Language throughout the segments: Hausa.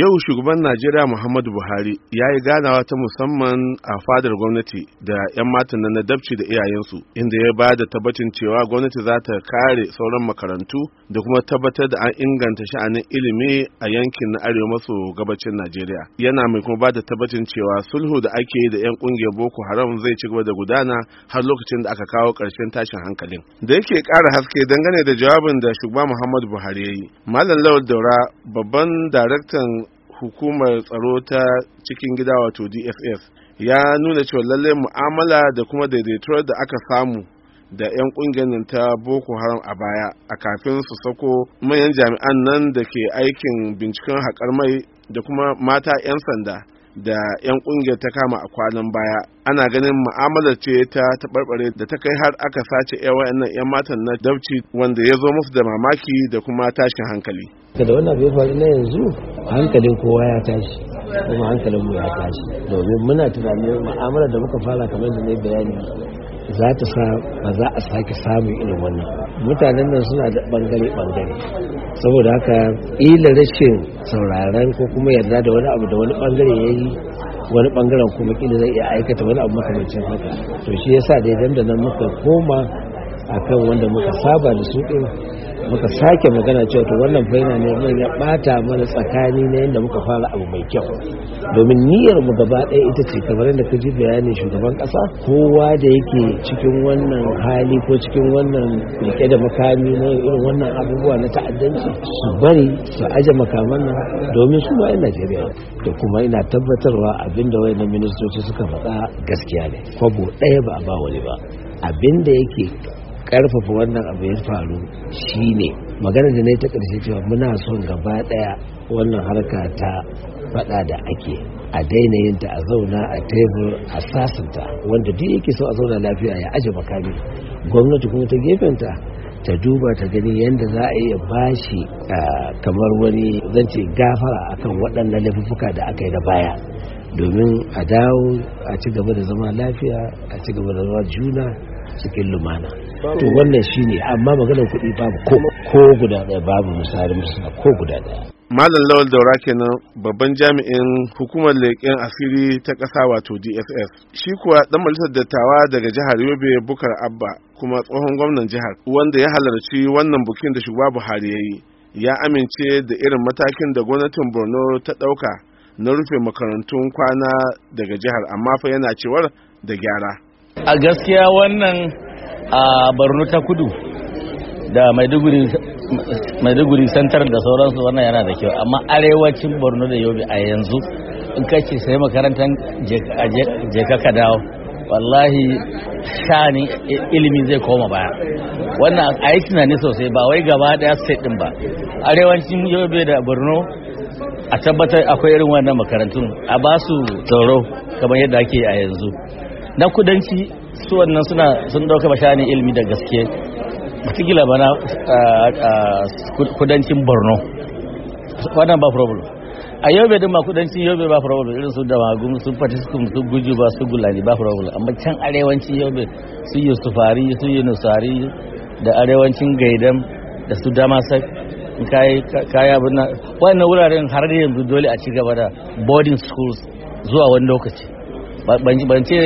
yau shugaban najeriya muhammadu buhari ya yi ganawa ta musamman a fadar gwamnati da 'yan matan na dabci da iyayensu inda ya ba da tabbacin cewa gwamnati za ta kare sauran makarantu da kuma tabbatar da an inganta sha'anin ilimi a yankin na arewa maso gabacin najeriya yana mai kuma ba da tabbacin cewa sulhu da ake yi da 'yan kungiyar boko haram zai ci gaba da gudana har lokacin da aka kawo ƙarshen tashin hankalin da yake ƙara haske dangane da jawabin da shugaban muhammadu buhari ya yi malam lawal daura babban daraktan hukumar tsaro ta cikin gida wato dss ya nuna cewa lallai mu'amala da kuma daidaituwar da aka samu da 'yan kungiyar ta boko haram a baya a kafin su sako manyan jami'an nan da ke aikin binciken haƙar mai da kuma mata 'yan sanda da 'yan kungiyar ta kama a kwanan baya ana ganin ma'amalar ce ta taɓarɓare da ta kai har aka sace wayannan 'yan matan na dauci wanda ya zo musu da mamaki da kuma tashin hankali da wannan bai faru na yanzu hankalin kowa ya tashi kuma hankalin mu ya tashi domin muna tunanin mu'amalar da muka fara kamar da ne bayani za ta sa ba za a sake samun irin wannan mutanen nan suna da bangare-bangare saboda haka ila rashin sauraren ko kuma yarda da wani abu da wani bangare ya yi wani bangaren kuma kila zai iya aikata wani abu makamancin haka to shi yasa dai dandanan muka koma akan wanda muka saba da su ɗin muka sake magana cewa to wannan faina ne mun ya bata mana tsakani na yadda muka fara abu mai kyau domin niyyar mu gaba ɗaya ita ce kamar yadda ka ji bayanin shugaban ƙasa kowa da yake cikin wannan hali ko cikin wannan rike da makami na irin wannan abubuwa na ta'addanci su bari su aje makaman nan domin su ma'in Najeriya da kuma ina tabbatarwa abinda na ministoci suka faɗa gaskiya ne kwabo ɗaya ba a ba wani ba abinda yake karfafa wannan abu ya faru shine magana da na ta karshe cewa muna son gaba daya wannan harka ta fada da ake a daina yin ta a zauna a tebur a sasanta wanda duk yake so a zauna lafiya ya aje makami gwamnati kuma ta gefenta ta duba ta gani yadda za a iya bashi kamar wani zance gafara akan waɗannan laifuffuka da aka yi na baya domin a dawo a ci gaba da zama lafiya a ci gaba da zama juna cikin lumana to wannan shi ne, amma maganar kuɗi babu ko guda ɗaya babu misali musulma ko guda ɗaya Malam Lawal Daura kenan babban jami'in hukumar leƙen asiri ta ƙasa wato DSS. Shi kuwa ɗan majalisar dattawa daga jihar Yobe Bukar Abba kuma tsohon gwamnan jihar wanda ya halarci wannan bukin da shugaba Buhari ya yi. Ya amince da irin matakin da gwamnatin Borno ta ɗauka na rufe makarantun kwana daga jihar amma fa yana cewar da gyara. A gaskiya wannan a borno ta kudu da maiduguri santar da sauransu wannan yana da kyau amma arewacin borno da yobe a yanzu in ka ce sai makarantar jeka ka dawo wallahi shani ilimi zai koma baya wannan a yi tunani sosai ba wai gaba daya sai din ba arewacin yobe da borno a tabbatar akwai irin wannan makarantun a ba su tsoro kamar yadda ake a yanzu na kudanci su wannan suna sun dauka bashani ilmi da gaske watakila bana kudancin borno wannan ba problem a yau bai ma kudancin yau ba problem irin su damagum sun fatiskum su guji ba su gulani ba problem amma can arewancin yau su yi sufari su yi nusari da arewancin gaidam da su sai kaya abin nan wannan wuraren har yanzu dole a ci gaba da boarding schools zuwa wani lokaci ban ce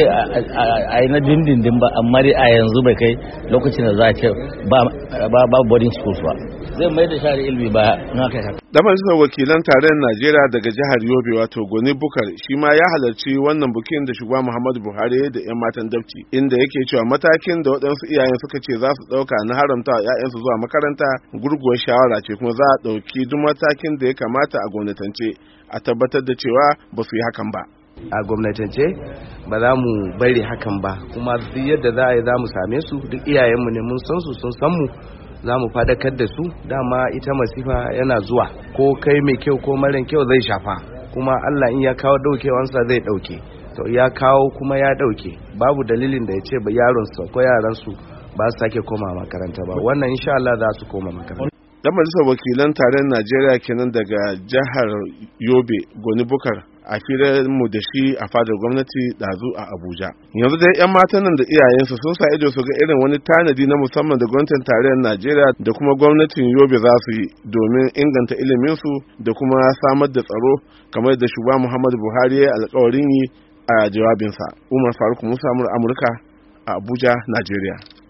a yi na dindindin ba amma dai a yanzu bai kai lokacin da za a ce ba boarding schools ba zai mai da shari ilmi ba na kai haka da majalisar wakilan tarayyar najeriya daga jihar yobe wato goni bukar shi ma ya halarci wannan bukin da shugaba muhammadu buhari da yan matan dabci inda yake cewa matakin da waɗansu iyayen suka ce za su ɗauka na haramta ‘ya'yansu zuwa makaranta gurguwar shawara ce kuma za a ɗauki duk matakin da ya kamata a gwamnatance a tabbatar da cewa ba su yi hakan ba a gwamnatance ba za mu bari hakan ba kuma duk yadda za a yi za mu same su duk iyayenmu ne mun san su sun san mu za mu fadakar da su dama ita masifa yana zuwa ko kai mai kyau ko marin kyau zai shafa kuma allah in ya kawo daukewansa zai dauke to ya kawo kuma ya dauke babu dalilin da ya ce ba sa ko yaran su ba su sake koma makaranta ba wannan insha allah za su koma makaranta dan majalisar wakilan tarayyar najeriya kenan daga jihar yobe goni bukar a mu da shi a fadar gwamnati ɗazu a abuja yanzu dai 'yan matan nan da iyayensu sun sa ido su ga irin wani tanadi na musamman da gwamnatin tarayyar najeriya da kuma gwamnatin yobe za su yi domin inganta iliminsu da kuma samar da tsaro kamar da shugaba muhammadu buhari ya alkawarin yi a jawabinsa umar faruk musa amurka a abuja najeriya